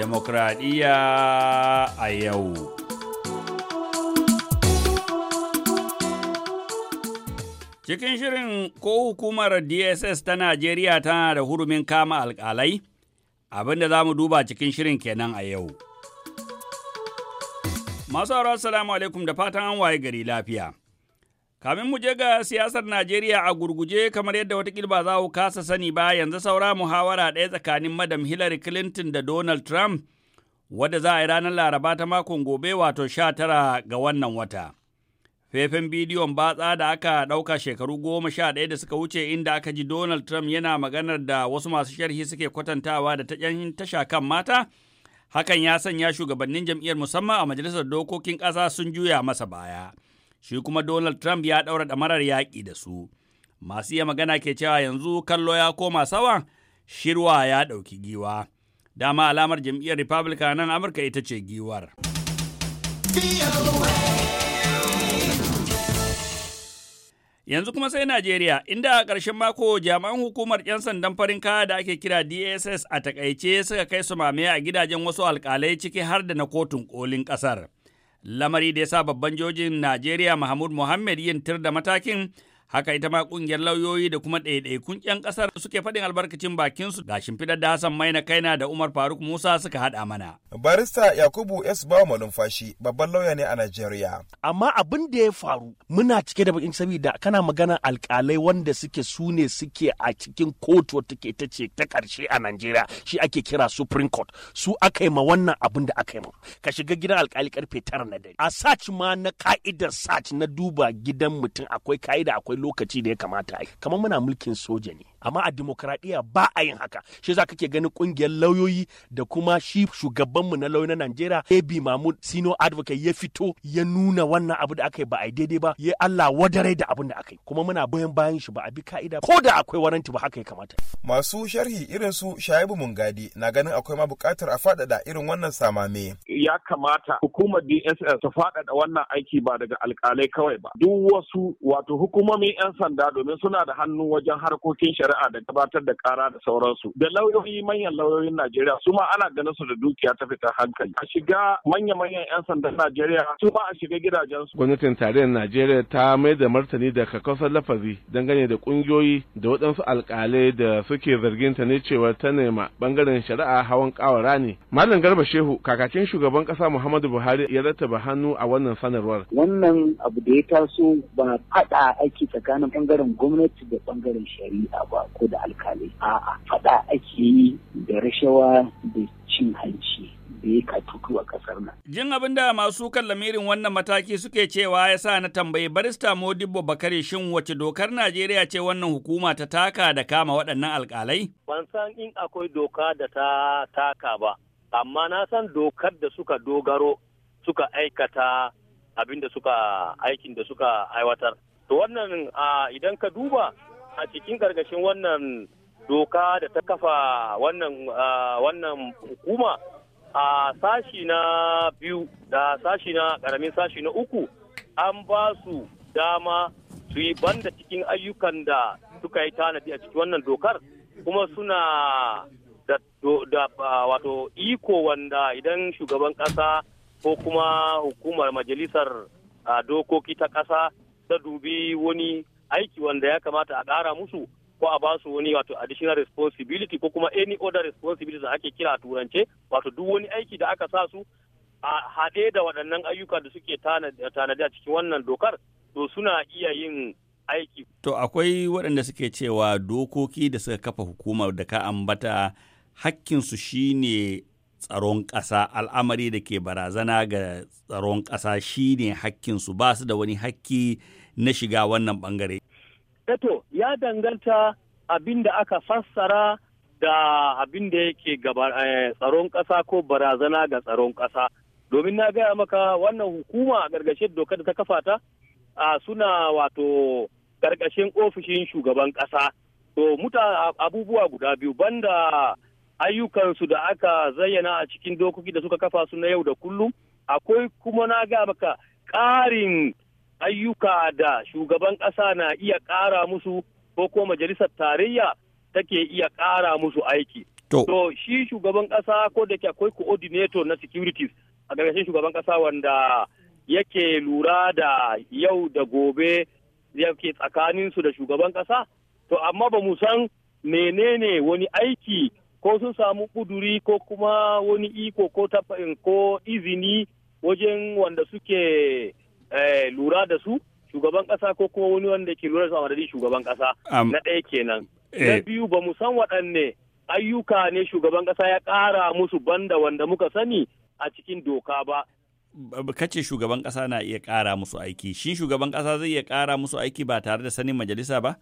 demokradiyya a yau. Cikin shirin ko hukumar DSS ta Najeriya tana da hurumin kama alkalai, abinda za mu duba cikin shirin kenan a yau. Masu salamu alaikum da fatan an waye gari lafiya. Kamin mu je ga siyasar Najeriya a gurguje kamar yadda wata ba za ku kasa sani ba yanzu saura muhawara ɗaya tsakanin Madam Hillary Clinton da Donald Trump wadda za a yi ranar Laraba ta makon gobe wato sha tara ga wannan wata. Fefen bidiyon batsa da aka ɗauka shekaru goma sha ɗaya da suka wuce inda aka ji Donald Trump yana maganar da wasu masu sharhi suke kwatantawa da ta tasha kan mata, hakan ya sanya shugabannin jam'iyyar musamman a majalisar dokokin ƙasa sun juya masa baya. shi kuma Donald Trump ya ɗaura ɗamarar yaƙi da su. Masu iya magana ke cewa yanzu kallo ya koma sawa, shirwa ya ɗauki giwa. Dama alamar jam'iyyar Republican nan Amurka ita ce giwar. Yanzu kuma sai Najeriya, inda a ƙarshen mako jami'an hukumar 'yan sandan farin kaya da ake kira DSS a takaice suka kai su mamaye a gidajen wasu alkalai ciki har da na kotun kolin ƙasar. lamari da ya sa babban jojin Najeriya Mahmud Muhammad yin tir da matakin Haka ita ma kungiyar lauyoyi da kuma ɗaiɗaikun 'yan ƙasar suke faɗin albarkacin bakinsu ga shimfiɗar da Hassan Maina Kaina da Umar Faruk Musa suka haɗa mana. Barista Yakubu S. Bawa Malumfashi babban lauya ne a Najeriya. Amma abin da ya faru muna cike da bakin saboda kana magana alkalai wanda suke su ne suke a cikin kotu ke ta ce ta ƙarshe a Najeriya shi ake kira Supreme Court su aka yi ma wannan abin da aka yi ma ka shiga gidan alƙali karfe tara na dare a sach ma na ka'idar sach na duba gidan mutum akwai ka'ida akwai lokaci da ya kamata yi kamar muna mulkin soja ne amma a demokradiyya ba a yin haka shi za kake ganin kungiyar lauyoyi da kuma shi shugabanmu na lauyoyi na Najeriya AB Mahmud Sino Advocate ya fito ya nuna wannan abu da aka yi ba a daidai ba ya Allah wadarai da abin da aka yi kuma muna bayan bayan shi ba a bi ka'ida ko da akwai waranti ba haka ya kamata masu sharhi irin su Shaibu Mungadi na ganin akwai ma bukatar a faɗaɗa irin wannan samame ya kamata hukumar DSS ta faɗaɗa wannan aiki ba daga alƙalai kawai ba duk wasu wato hukumomin 'yan sanda domin suna da hannu wajen harkokin shari'a shari'a da gabatar da kara da sauransu da lauyoyi manyan lauyoyin Najeriya su ma ana ganin su da dukiya ta fitar hankali a shiga manya-manyan 'yan sanda Najeriya su ma a shiga gidajensu. Gwamnatin tarayyar Najeriya ta mai da martani da kakkausar lafazi dangane da kungiyoyi da waɗansu alƙalai da suke zargin ta ne cewa ta nema bangaren shari'a hawan kawara ne. Malam Garba Shehu kakakin shugaban ƙasa Muhammadu Buhari ya rattaba hannu a wannan sanarwar. Wannan abu da ya taso ba faɗa aiki tsakanin bangaren gwamnati da bangaren shari'a ba. rashawa ko da alkalai a'a faɗa ake yi da rashawa da cin hanci da ya katutu a ƙasar nan. Jin abin da masu lamirin wannan mataki suke cewa ya sa na tambayi barista Modibo Bakare shin wace dokar Najeriya ce wannan hukuma ta taka da kama waɗannan alkalai. Ban san in akwai doka da ta taka ba, amma na san dokar da suka dogaro suka aikata abin da suka aikin da suka aiwatar. To wannan idan ka duba a cikin ƙarƙashin wannan doka da ta kafa wannan hukuma a sashi na biyu da sashi na ƙaramin sashi na uku an ba su dama su yi banda cikin ayyukan da suka yi tanadi a cikin wannan dokar kuma suna da, da wato iko wanda idan shugaban ƙasa ko kuma hukumar majalisar dokoki ta ƙasa ta dubi wani aiki wanda ya kamata a ƙara musu ko a ba su wani wato additional responsibility ko kuma any other responsibility da ake kira a turance wato duk wani aiki da aka sa su a haɗe da waɗannan ayyuka da suke tanadi a cikin wannan dokar to suna iya yin aiki. To akwai waɗanda suke cewa dokoki da suka kafa hukumar da ka ambata hakkinsu shine tsaron ƙasa al'amari da ke barazana ga tsaron ƙasa shine hakkinsu ba su da wani hakki na shiga wannan bangare Eto eh ya danganta abin da aka fassara da abin da yake eh, tsaron ƙasa ko barazana ga tsaron ƙasa. Domin na gaya maka wannan hukuma a ƙarƙashin doka da ta kafa ta suna wato ƙarƙashin ofishin shugaban ƙasa. To muta abubuwa guda biyu banda ayyukansu da aka zayyana a cikin dokoki da suka kafa su na yau da kullum akwai kuma na gaya maka ƙarin ayyuka da shugaban ƙasa na iya ƙara musu ko ko majalisar tarayya take iya ƙara musu aiki. To, shi shugaban ƙasa ko da akwai coordinator na securities a ƙarƙashin shugaban ƙasa wanda yake lura da yau da gobe yake tsakaninsu da shugaban ƙasa. To, amma ba mu san menene wani aiki ko sun samu kuduri ko kuma wani iko ko ko izini wajen wanda suke Eh, lura da su shugaban kasa ko kuma wani wanda ke lura da su a madadin shugaban kasa na ɗaya kenan na eh. biyu ba mu san waɗanne ayyuka ne shugaban kasa ya ƙara musu banda wanda muka sani a cikin doka ba kace shugaban kasa na iya ƙara musu aiki shin shugaban kasa zai iya ƙara musu aiki ba tare da sanin majalisa ba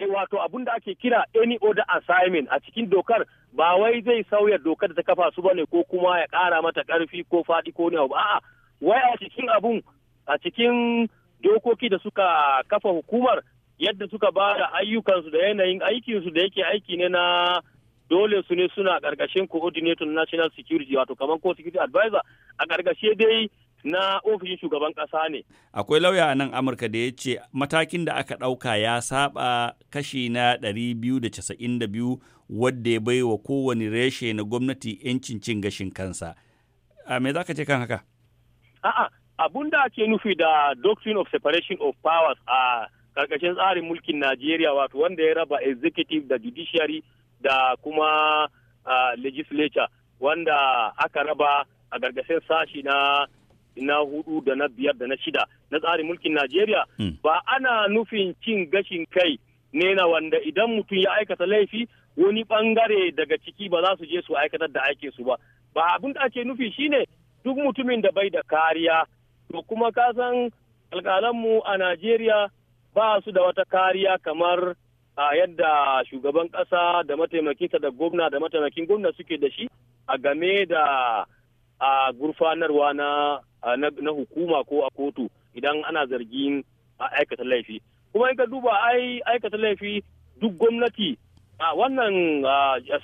eh, wato abun da ake kira any order assignment a cikin dokar ba wai zai sauya dokar da ta kafa su bane ko kuma ya ƙara mata ƙarfi ko faɗi ko ne ba a'a wai a cikin abun a cikin dokoki da suka kafa hukumar yadda suka ba da ayyukansu da yanayin aikinsu da yake aiki ne na dole su ne suna ƙarƙashin coordinator national security wato kamar ko security advisor a ƙarƙashe dai na ofishin shugaban ƙasa ne. Akwai lauya a nan Amurka da ya ce matakin da aka ɗauka ya saba kashi na 292 wadda ya bai wa kowane reshe na gwamnati 'yancin cin gashin kansa. A me za ka ce kan haka? A'a, abun da ake nufi da doctrine of separation of powers a karkashin tsarin mulkin najeriya wato wanda ya raba executive da judiciary da kuma uh, legislature wanda aka raba a gargashin sashi na na hudu da na biyar da na shida na tsarin mulkin najeriya hmm. ba ana nufin cin gashin kai ne na wanda idan mutum ya aikata laifi wani bangare daga ciki ba za su je su aikatar da aikinsu ba ba abin da ake nufi shine duk mutumin da bai da kariya to kuma ka san alƙalanmu a najeriya ba su da wata kariya kamar a yadda shugaban ƙasa da mataimakinsa da gwamna da mataimakin gwamna suke da shi a game da a gurfanarwa na, hukuma ko a kotu idan ana zargin aikata laifi kuma in ka duba ai aikata laifi duk gwamnati a wannan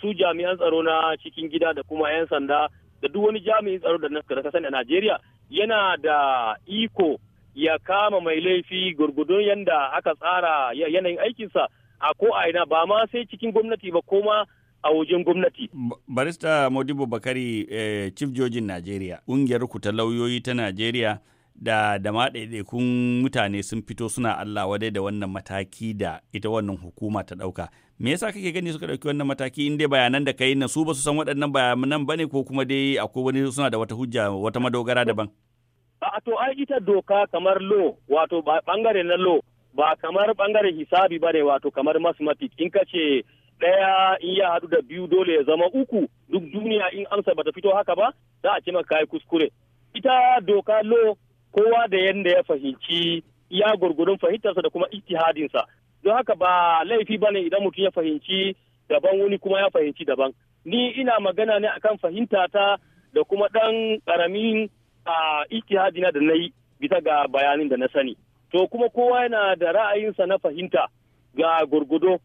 su jami'an tsaro na cikin gida da kuma 'yan sanda da duk wani jami'in tsaro da na sani a najeriya yana da iko ya kama mai laifi gurgudun yadda aka tsara yanayin aikinsa a ko a ina ba ma sai cikin gwamnati ba koma a wajen gwamnati. Barista Modibo Bakari eh, Chief Jojin Najeriya, ƙungiyar ku ta lauyoyi ta Najeriya da da ma mutane sun fito suna Allah wadai da wannan mataki da ita wannan hukuma ta ɗauka. Me yasa kake gani suka ɗauki wannan mataki in dai bayanan da kai na su ba su san waɗannan bayanan ba ne ko kuma dai akwai wani suna da wata hujja wata madogara daban? A to ai ita doka kamar lo wato bangare na lo ba kamar bangaren hisabi ba ne wato kamar mathematics in ka ce ɗaya in ya haɗu da biyu dole ya zama uku duk duniya in amsa bata fito haka ba za a ce maka kai kuskure. Ita doka lo kowa da yadda ya fahimci ya gurgurun fahimtarsa da kuma ittihadinsa don haka ba laifi ba ne idan mutum ya fahimci daban wani kuma ya fahimci daban ni ina magana ne akan fahimta ta da kuma ɗan ƙaramin a ijtihadina da na yi bisa ga bayanin da na sani to kuma kowa yana da ra'ayinsa na fahimta ga gurgudo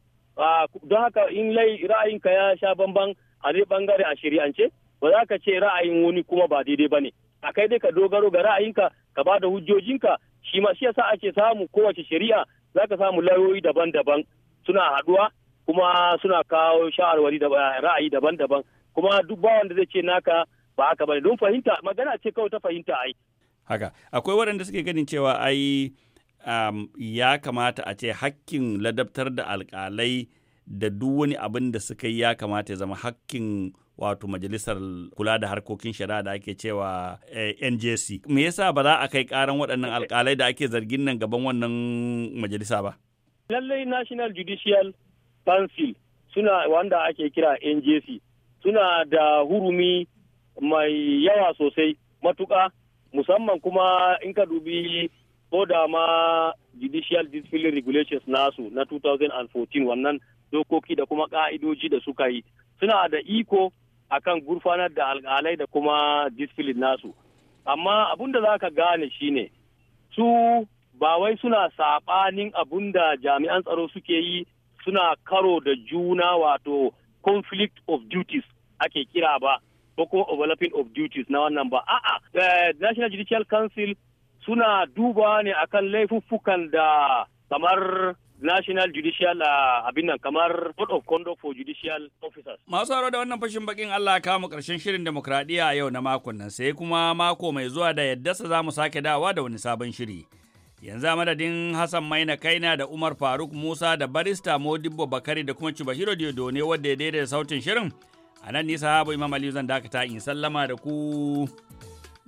don haka in lai ra'ayinka ya sha bamban a dai bangare a shari'ance ba za ka ce ra'ayin wani kuma ba daidai ba ne a kai dai ka dogaro ga ra'ayinka ka ba da hujjojinka shi ma shi yasa ake samu kowace shari'a zaka samu lauyoyi daban-daban suna haduwa kuma suna kawo shawarwari eh, ra'ayi daban-daban kuma duk ba wanda zai ce naka ba haka bane don fahimta magana ce kawai ta fahimta ai haka akwai waɗanda suke ganin cewa ai um, ya kamata a ce hakkin ladabtar da alƙalai da duk wani abin da suka yi ya kamata ya zama hakkin wato majalisar kula da harkokin shari'a da ake cewa eh, njc me yasa ba za a kai karan waɗannan alkalai da ake zargin nan gaban wannan majalisa ba lallai national judicial council suna wanda ake kira njc suna da hurumi mai yawa sosai matuƙa musamman kuma in ka dubi ko da ma judicial discipline regulations nasu na 2014 wannan dokoki da kuma ka'idoji da suka yi suna da iko akan gurfanar da alkalai da kuma disfilin nasu amma abun da za ka gane shine su ba wai suna saɓanin abun da jami'an tsaro suke yi suna karo da juna wato conflict of duties ake kira ba ko kuma overlapping of duties na wannan ba a'a eh, national judicial council suna duba ne akan laifuffukan da kamar National Judicial uh, abin kamar Code of Conduct for Judicial Officers. Masu haro da wannan fashin bakin Allah ka mu karshen shirin demokradiyya yau na makon nan sai kuma mako mai zuwa da yadda sa za mu sake dawa da wani sabon shiri. Yanzu a madadin Hassan Maina Kaina da Umar Faruk Musa da Barista Modibbo Bakari da kuma Chubahiro Diodo ne wadda ya daidaita sautin shirin. A nan nisa Habu Imam Aliyu zan dakata in sallama da ku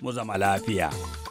mu zama lafiya.